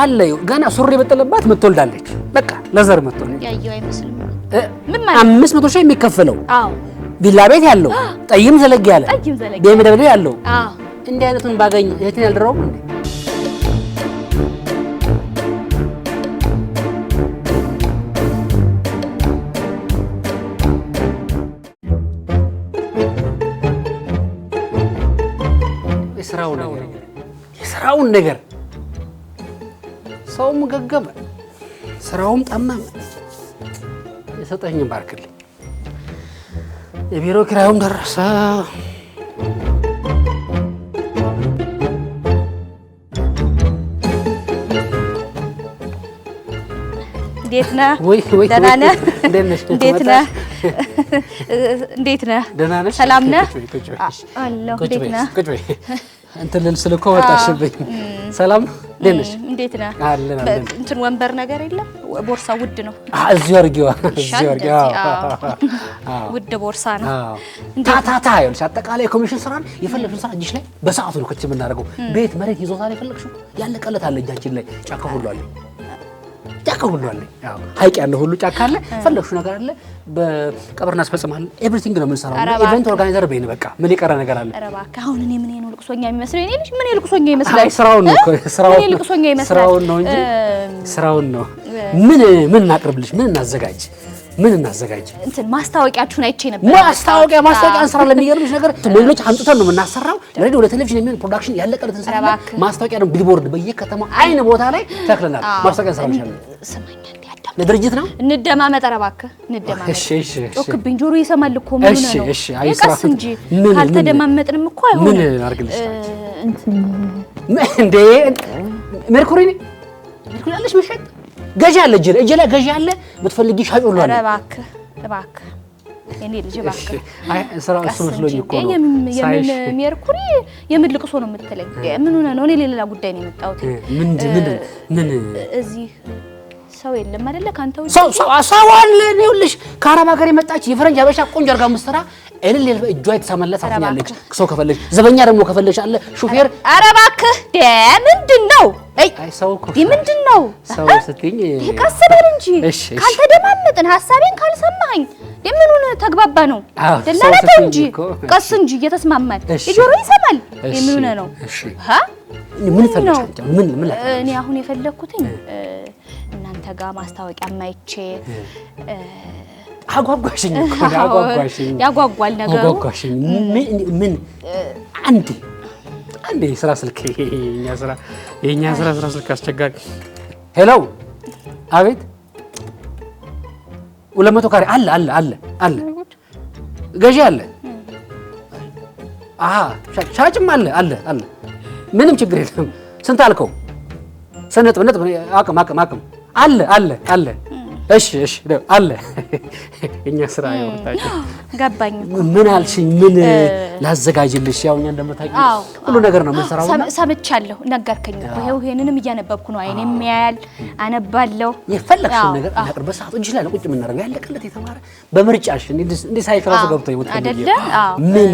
አለ ገና ሱሪ በጠለባት ምትወልዳለች። በቃ ለዘር ምትወል አምስት መቶ ሺህ የሚከፈለው ቪላ ቤት ያለው ጠይም ዘለግ ያለ ቤም ደብደብ ያለው እንዲህ አይነቱን ባገኝ እህትን ያልደረውም የስራውን ነገር ሰውም ገገመ፣ ስራውም ጠመመ። የሰጠኝ ባርክልኝ፣ የቢሮ ኪራዩም ደረሰ። እንዴት ነህ? እንዴት ነህ? ደህና ነህ? ሰላም ነህ? አለሁ። እንዴት ነህ? እንትን ልል ስል እኮ ወጣሽብኝ። ሰላም ደነሽ እንዴት ነህ? አለን አለን። እንትን ወንበር ነገር የለም። ቦርሳ ውድ ነው። እዚሁ አድርጊዋ፣ እዚሁ አድርጊዋ። ውድ ቦርሳ ነው። ታታታ ይኸውልሽ፣ አጠቃላይ ኮሚሽን ስራ የፈለግሽውን ስራ እጅሽ ላይ በሰዓቱ ነው ከች የምናደርገው። ቤት መሬት ይዞታ ላይ የፈለግሽው ያለቀለት አለ እጃችን ላይ ጫካ ሁሉ አለ ጫካ ሁሉ አለ፣ ሀይቅ ያለ ሁሉ ጫካ አለ። ፈለግሽው ነገር አለ። በቀብር እናስፈጽማለን። ኤቭሪቲንግ ነው የምንሰራው። ኢቨንት ኦርጋናይዘር በይን። በቃ ምን የቀረ ነገር አለ? ኧረ አሁን እኔ ምን ነው ልቅሶኛ የሚመስለው? እኔ ልጅ ምን ልቅሶኛ ይመስላል? ስራውን ነው ስራውን ነው ስራውን ነው እንጂ ስራውን ነው። ምን ምን እናቅርብልሽ? ምን እናዘጋጅ? ምን እናዘጋጅ? እንትን ማስታወቂያችሁን አይቼ ነበር። ማስታወቂያ ማስታወቂያ እንሰራለን። የሚገርምሽ ነገር ሞዴሎች አምጥተን ነው የምናሰራው። ለሬዲዮ ለቴሌቪዥን የሚሆን ፕሮዳክሽን ያለቀለት እንሰራለን። ማስታወቂያ ደግሞ ቢልቦርድ በየከተማ አይን ቦታ ላይ ተክለናል። ማስታወቂያ እንሰራለን። ስማኛል ለድርጅት ነው እንደማመጥ። ኧረ እባክህ እንደማመጥ። እሺ እሺ እሺ፣ ጮክብኝ፣ ጆሮ ይሰማል እኮ ምን ነው? እሺ እሺ፣ ቀስ እንጂ ካልተደማመጥንም እኮ አይሆንም። ምን አድርግልሽ እንዴ? ሜርኩሪ ሜርኩሪ አለሽ መሸጥ ገዢ አለ፣ እጅ እጅ ላይ ገዢ አለ። የምትፈልጊ ሻጮሉ አለ። እባክህ እባክህ የኔ ልጅ እባክህ፣ ስራ እሱ መስሎኝ እኮ ነው። ሜርኩሪ የምን ልቅሶ ነው የምትለኝ? ምን ሆነህ ነው? እኔ ሌላ ጉዳይ ነው የመጣሁት። ምን ምን እዚህ ሰው የለም አይደለ? ካንተ ውጭ ሰው ሰው ሰው አለ። ይኸውልሽ ከአረብ ሀገር የመጣች የፈረንጅ አበሻ ቆንጆ አርጋ ምስራ እልል እጇ የተሳመለት አትኛለች። ሰው ከፈለሽ ዘበኛ ደግሞ ከፈለሽ አለ ሹፌር። ኧረ እባክህ ምንድን ነው? አይ ሰው ምንድን ነው ሰው ስትይኝ ቀስ በል እንጂ ካልተደማመጥን ሀሳቤን ካልሰማኸኝ የምን ሆነ ተግባባ ነው ደላላ እንጂ ቀስ እንጂ እየተስማማን የጆሮ ይሰማል። የምን ሆነ ነው ምን ፈልጋችሁ? ምን ምን እኔ አሁን የፈለግኩትኝ አንተ ጋር ማስታወቂያ ማይቼ አጓጓሽኝ አጓጓሽኝ ያጓጓል ነገሩ አጓጓሽኝ ምን አንዱ አንድ የስራ ስልክ የእኛ ስራ ስራ ስልክ አስቸጋሪ ሄሎ አቤት ሁለት መቶ ካሬ አለ አለ አለ አለ ገዢ አለ አሀ ሻጭም አለ አለ አለ ምንም ችግር የለም ስንት አልከው ስነጥብ ነጥብ አቅም አቅም አቅም አለ አለ አለ። እሺ እሺ አለ። እኛ ስራ ያወጣችሁ ገባኝ። ምን አልሽኝ? ምን ላዘጋጅልሽ? ያው እኛ እንደምታውቂ ሁሉ ነገር ነው የምንሰራው። ሰምቻለሁ፣ ነገርከኝ። ይሄው ይሄንንም እያነበብኩ ነው። አይኔም ያያል፣ አነባለሁ። የፈለግሽውን ነገር እናቀርብ። በሰዓቱ እጅ ላይ ቁጭ የምናደርገው። ያለቀለት የተማረ በምርጫሽ እንዴ ሳይክራሱ ገብቶ ይወጣ አይደለ? ምን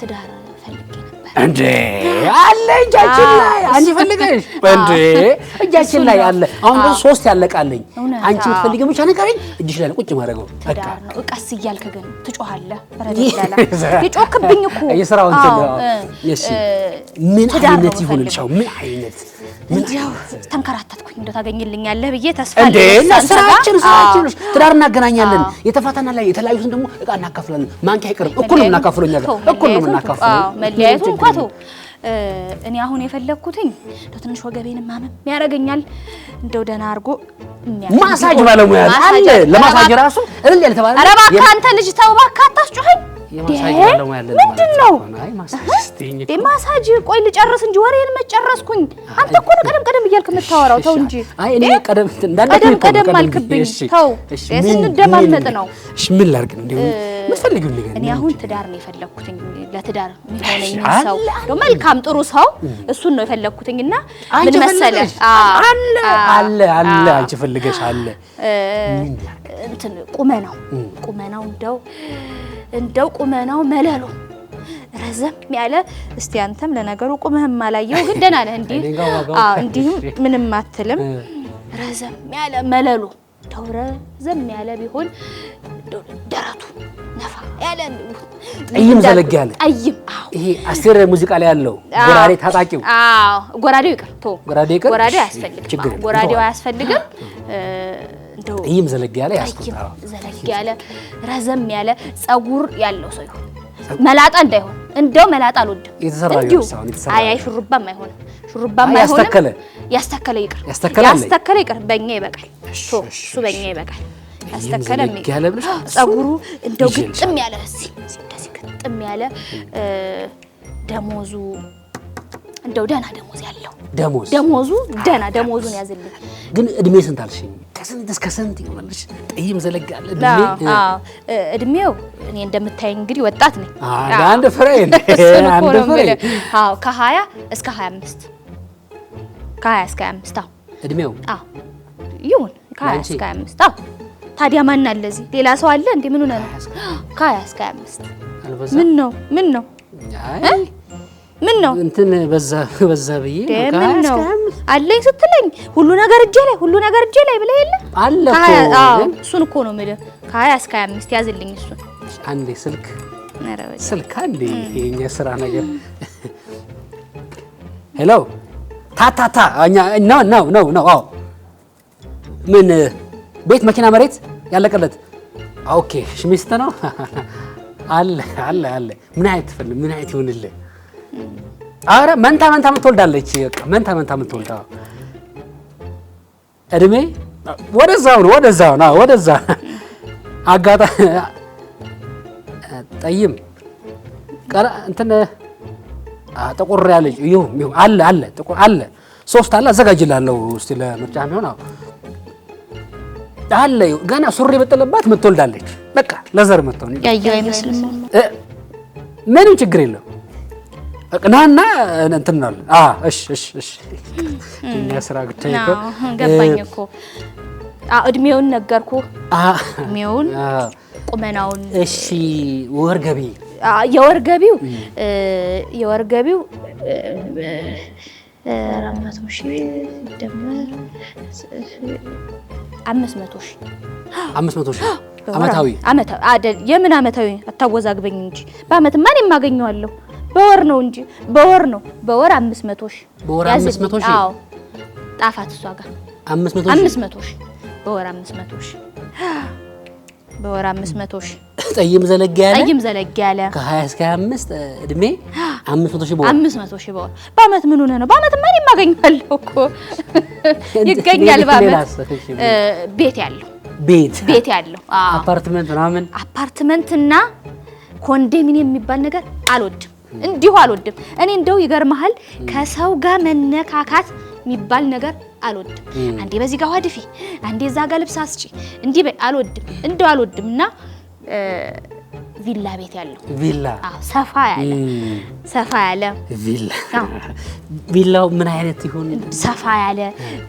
ትዳር እንዴ አለ እጃችን ላይ አንቺ ፈልገሽ እንዴ እጃችን ላይ አለ። አሁን ግን ሶስት ያለቃለኝ አንቺ የምትፈልገ ብቻ ነገረኝ። እጅሽ ላይ ቁጭ ማድረግ በቃ። ቀስ እያልክ ግን ትጮሃለህ። የጮክብኝ እኮ የስራው እንትን ነው። እሺ ምን አይነት ይሁንልሽ? ምን አይነት እንዲያው ተንከራታትኩኝ እንደው ታገኝልኛለህ ብዬ ተስፋ እንዴ ስራችን ስራችን ትዳር እናገናኛለን፣ የተፋታና ላይ የተለያዩትን ደግሞ እቃ እናካፍላለን። ማንኪያ ይቀርብ እኩል እናካፍለኛለን፣ እኩል እናካፍለው መለያየቱ አቶ እኔ አሁን የፈለግኩትኝ እንደው ትንሽ ወገቤን ማመም ያደርገኛል እንደው ደህና አድርጎ ማሳጅ ባለሙያ አለ። ለማሳጅ ራሱ እልል ያለ ተባለ። ኧረ እባክህ አንተ ልጅ ተው እባክህ አታስጮኸኝ። ምንድን ነው ማሳጅ? ቆይ ልጨርስ እንጂ ወሬን መጨረስኩኝ። አንተ እኮ ነው ቀደም ቀደም እያልክ የምታወራው። ተው እንጂ ቀደም ቀደም አልክብኝ። ተው ስንደማመጥ ነው። ምን ላድርግ የምትፈልጊው ነገር እኔ አሁን ትዳር ነው የፈለኩትኝ። ለትዳር የሚሆነኝ ሰው መልካም ጥሩ ሰው እሱን ነው የፈለኩትኝ። እና ምን መሰለህ አለ አለ አለ አንቺ ፈልገሽ አለ እንትን ቁመናው ቁመናው እንደው እንደው ቁመናው መለሉ ረዘም ያለ እስቲ አንተም ለነገሩ ቁምህም አላየው ግን ደህና ነህ። እንዲህ እንዲህም ምንም አትልም። ረዘም ያለ መለሉ እንደው ረዘም ያለ ቢሆን ደረቱ ጠይም ዘለግ ያለ ጠይም። ይሄ አስቴር ሙዚቃ ላይ ያለው ጎራዴ ታጣቂው። አዎ ጎራዴው ይቅር ቶ ጎራዴው አያስፈልግም፣ ጎራዴው አያስፈልግም። ጠይም ዘለግ ያለ ዘለግ ያለ ረዘም ያለ ጸጉር ያለው ሰው ይሁን፣ መላጣ እንዳይሆን። እንደው መላጣ አልወድም። እንዲሁ አይ ሹሩባም አይሆንም፣ ሹሩባም ያስተከለ ይቅር፣ ያስተከለ ይቅር፣ በእኛ ይበቃል፣ እሱ በእኛ ይበቃል። አስተከለም ያለ ብለሽ ጸጉሩ እንደው ግጥም ያለ እንደዚህ ግጥም ያለ ደሞዙ እንደው ደህና ደሞዝ ያለው ደሞዝ ደሞዙ ደህና ደሞዙን ያዝልኝ። ግን እድሜ ስንት አልሽኝ? ከስንት እስከ ስንት ይሆናልሽ? ጠይም ዘለግ እድሜው እኔ እንደምታየኝ እንግዲህ ወጣት ነኝ። አንድ ፍሬ አንድ ፍሬ። አዎ ከ እስከ 25 ከ20 እስከ 25 አዎ እድሜው አዎ ይሁን ከ20 እስከ 25 አዎ ታዲያ ማን አለ እዚህ? ሌላ ሰው አለ እንዴ? ምን ሆነ ነው? ከሀያ እስከ ሀያ አምስት ምን ነው ምን ነው ምን ነው እንትን በዛ በዛ ብዬ ምን ነው አለኝ ስትለኝ ሁሉ ነገር እጄ ላይ ሁሉ ነገር እጄ ላይ ብለህ የለ አለ እኮ እሱን እኮ ነው የምልህ። ከሀያ እስከ ሀያ አምስት ያዝልኝ እሱን አንዴ ስልክ ስልክ አንዴ የእኛ ስራ ነገር ሄሎ ታታታ ነው ነው ነው ነው አዎ ምን ቤት፣ መኪና፣ መሬት ያለቀለት። ኦኬ ሽሚስት ነው አለ አለ አለ። ምን አይነት ትፈልግ? ምን አይነት ይሁንልህ? አረ መንታ መንታ ምትወልዳለች። በቃ መንታ መንታ ምትወልዳ እድሜ ወደዛው ነው ወደዛው ነው ወደዛ አጋጣ ጠይም ቀረ እንትን ጠቆር ያለች ይሁን አለ አለ ጥቁር አለ ሶስት አለ አዘጋጅላለሁ። እስቲ ለምርጫ የሚሆን አዎ አለ ገና ሱሪ በጠለባት ምትወልዳለች። በቃ ለዘር መተው ያየው አይመስልም። ምንም ችግር የለም። ናና እንትናል ነው። አዎ እሺ፣ እኛ ስራ ጉዳይ እኮ ገባኝ እኮ። እድሜውን ነገርኩ። እድሜውን፣ ቁመናውን። እሺ፣ ወር ገቢ የወር ገቢው የወር ገቢው አራት መቶ ሺህ ደምር አምስት መቶ ሺህ አምስት ሺህ አመታዊ አመታዊ አይደል? የምን አመታዊ አታወዛግበኝ እንጂ በአመት ማን የማገኘዋለሁ? በወር ነው እንጂ በወር ነው። በወር ሺህ በወር ሺህ አዎ፣ ጣፋት እሷ ጋር ሺህ በወር ሺህ በወር 500 ሺህ ጠይም ዘለግ ያለ ጠይም ዘለግ ያለ ከ20 እስከ 25 እድሜ 500 ሺህ በወር 500 ሺህ በወር በአመት ምን ሆነ ነው? በአመት ማን የማገኛለሁ እኮ ይገኛል። በአመት ቤት ያለው ቤት ቤት ያለው አፓርትመንት ምናምን አፓርትመንትና ኮንዶሚኒየም የሚባል ነገር አልወድም፣ እንዲሁ አልወድም። እኔ እንደው ይገርመሃል ከሰው ጋር መነካካት የሚባል ነገር አልወድም። አንዴ በዚህ ጋር ዋድፊ፣ አንዴ እዛ ጋር ልብስ አስጪ፣ እንዲህ በይ አልወድም፣ እንደው አልወድም እና ቪላ ቤት ያለው ቪላ ሰፋ ያለ ሰፋ ያለ ቪላ። ቪላው ምን አይነት ይሁን? ሰፋ ያለ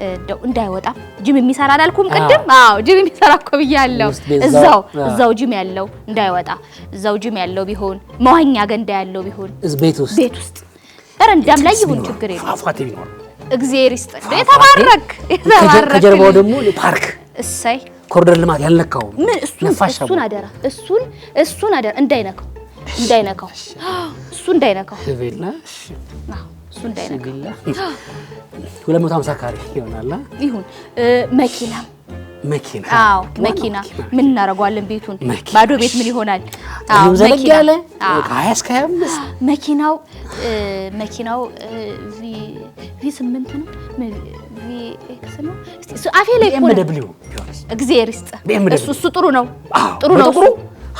እንደው እንዳይወጣ ጅም የሚሰራ አላልኩም ቅድም? አዎ ጅም የሚሰራ እኮ ብያለሁ። እዛው እዛው ጅም ያለው እንዳይወጣ እዛው ጅም ያለው ቢሆን መዋኛ ገንዳ ያለው ቢሆን ቤት ውስጥ በረንዳም ላይ ይሁን ችግር የለም። እግዚአብሔር ይስጥህ። የተባረክ የተባረክ። ከጀርባው ደግሞ ፓርክ እሰይ ኮሪደር ልማት ያልነካው እሱን አደራ፣ እሱን እሱን አደራ እንዳይነካው እንዳይነካው እሱ እንዳይነካው እሱ እንዳይነካው። ሁለት ካሬ ይሆናል። ይሁን መኪና መኪና አዎ፣ መኪና ምን እናደርገዋለን? ቤቱን ባዶ ቤት ምን ይሆናል? አዎ፣ መኪና መኪናው መኪናው ቪ ስምንት ነው ቪ ኤክስ ነው። አፌ ላይ እግዚአብሔር ይስጥ። እሱ ጥሩ ነው ጥሩ ነው።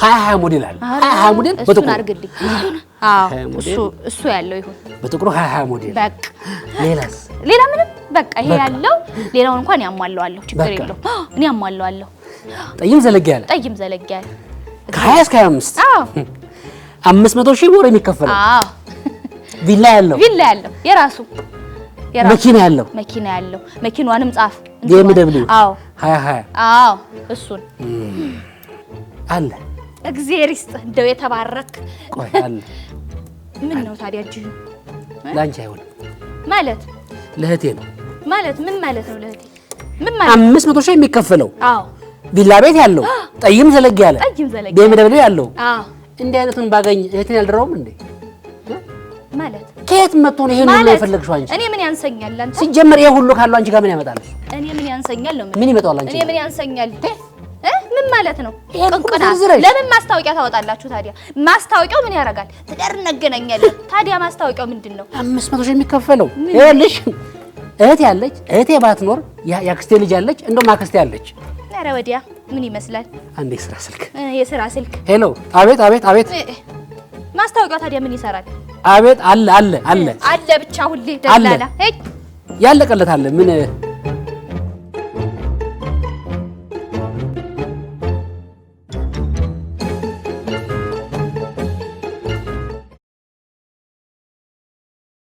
ሀያ ሀያ ሞዴል አለ። ሀያ ሀያ ሞዴል እሱን አድርግልኝ። እሱ ያለው ይሁን በጥቁሩ ሀያ ሀያ ሞዴል በቃ። ሌላስ ሌላ ምንም በቃ ይሄ ያለው ሌላውን እንኳን ያሟላዋለሁ፣ ችግር የለውም። እኔ ያሟላዋለሁ። ጠይም ዘለግ ያለ ጠይም ዘለግ ያለ ከሀያ እስከ ሀያ አምስት መቶ ሺህ ወር የሚከፈለው ቪላ ያለው ቪላ ያለው የራሱ መኪና ያለው መኪና ያለው መኪናዋንም ጻፍ። ቢኤምደብሊው አዎ፣ ሀያ ሀያ አዎ፣ እሱን አለ። እግዚአብሔር ይስጥህ እንደው የተባረክ። ቆይ አለ። ምን ነው ታዲያ? እጅ ላንቺ አይሆንም ማለት ለእህቴ ነው ማለት። ምን ማለት ነው ለእህቴ? ምን ማለት አምስት መቶ ሺህ የሚከፈለው አዎ፣ ቪላ ቤት ያለው ጠይም ዘለግ ያለ ጠይም ዘለግ ቢኤምደብሊው ያለው አዎ። እንዲህ አይነቱን ባገኝ እህቴን ያልደረውም እንዴ ማለት ከየት መጥቶ ነው ይሄን ሁሉ የፈለግሽው? አንቺ እኔ ምን ያንሰኛል? አንቺ ሲጀመር ይሄ ሁሉ ካለው አንቺ ጋር ምን ያመጣል? እኔ ምን ያንሰኛል ነው ምን ይመጣል አንቺ እኔ ምን ያንሰኛል እ ምን ማለት ነው? ቅንቅና ለምን ማስታወቂያ ታወጣላችሁ ታዲያ? ማስታወቂያው ምን ያደርጋል? ትዳር እናገናኛለን። ታዲያ ማስታወቂያው ምንድን ነው? አምስት መቶ ሺህ የሚከፈለው ይኸውልሽ፣ እህቴ ያለች እህቴ ባትኖር ያክስቴ ልጅ ያለች እንደውም አክስቴ ያለች ኧረ ወዲያ ምን ይመስላል? አንድ የስራ ስልክ የስራ ስልክ ሄሎ፣ አቤት፣ አቤት፣ አቤት። ማስታወቂያው ታዲያ ምን ይሰራል? አቤት አለ አለ አለ አለ ብቻ ሁሌ ደላላ ያለቀለት አለ ምን